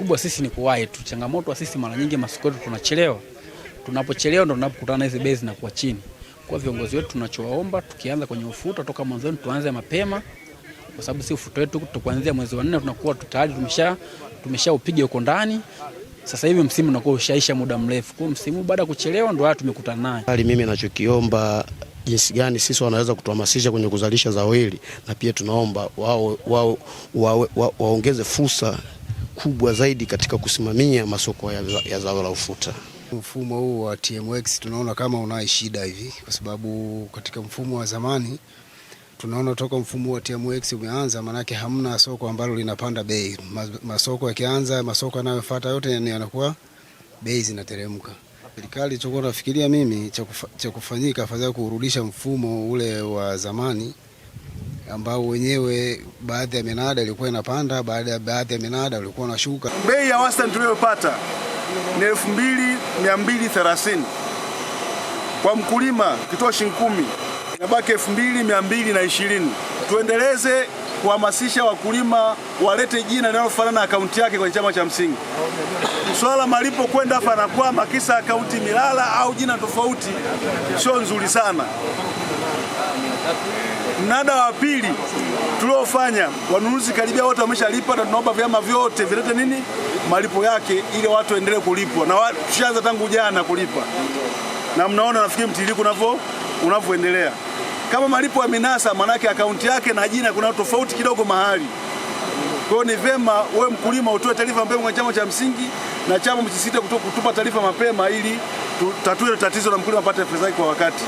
kubwa sisi ni kuwahi tu. Changamoto sisi mara nyingi masoko yetu tunachelewa, tunapochelewa ndo tunapokutana na hizi bei zinakuwa chini. Kwa viongozi wetu tunachowaomba, tukianza kwenye ufuta toka mwanzoni, tuanze mapema, kwa sababu si ufuta wetu tukuanzia mwezi wa 4 tunakuwa tayari tumesha tumesha upiga huko ndani. Sasa hivi msimu unakuwa ushaisha muda mrefu, kwa msimu baada ya kuchelewa ndo haya tumekutana naye. Bali mimi ninachokiomba jinsi gani sisi wanaweza kutuhamasisha kwenye kuzalisha zao hili, na pia tunaomba wao wao waongeze wa, wa, wa, fursa kubwa zaidi katika kusimamia masoko ya, ya zao la ufuta. Mfumo huu wa TMX tunaona kama unae shida hivi, kwa sababu katika mfumo wa zamani tunaona toka mfumo wa TMX umeanza, maanake hamna soko ambalo linapanda bei. Masoko yakianza, masoko yanayofuata yote yanakuwa bei zinateremka. Serikali chokuwa nafikiria mimi cha kufanyika, afadhali kurudisha mfumo ule wa zamani ambao wenyewe baadhi ya minada ilikuwa inapanda, baada ya baadhi ya minada ilikuwa inashuka. Bei ya wastani tuliyopata ni 2230 kwa mkulima, kitoa shilingi 10 inabaki 2220 tuendeleze kuhamasisha wakulima walete jina linalofanana na akaunti yake kwenye chama cha msingi. Swala la malipo kwenda fanakwama kisa akaunti milala au jina tofauti sio nzuri sana. Mnada wa pili tuliofanya, wanunuzi karibia wote wameshalipa, na tunaomba vyama vyote vilete nini malipo yake, ili watu waendelee kulipwa, na tushaanza tangu jana kulipa, na mnaona nafikiri mtiririko unavyoendelea. Kama malipo ya minasa, manake akaunti yake na jina kuna tofauti kidogo mahali. Kwa hiyo ni vema wewe mkulima utoe taarifa mapema kwa chama cha msingi na chama msisite kutupa taarifa mapema ili tutatue tatizo la mkulima apate pesa yake kwa wakati.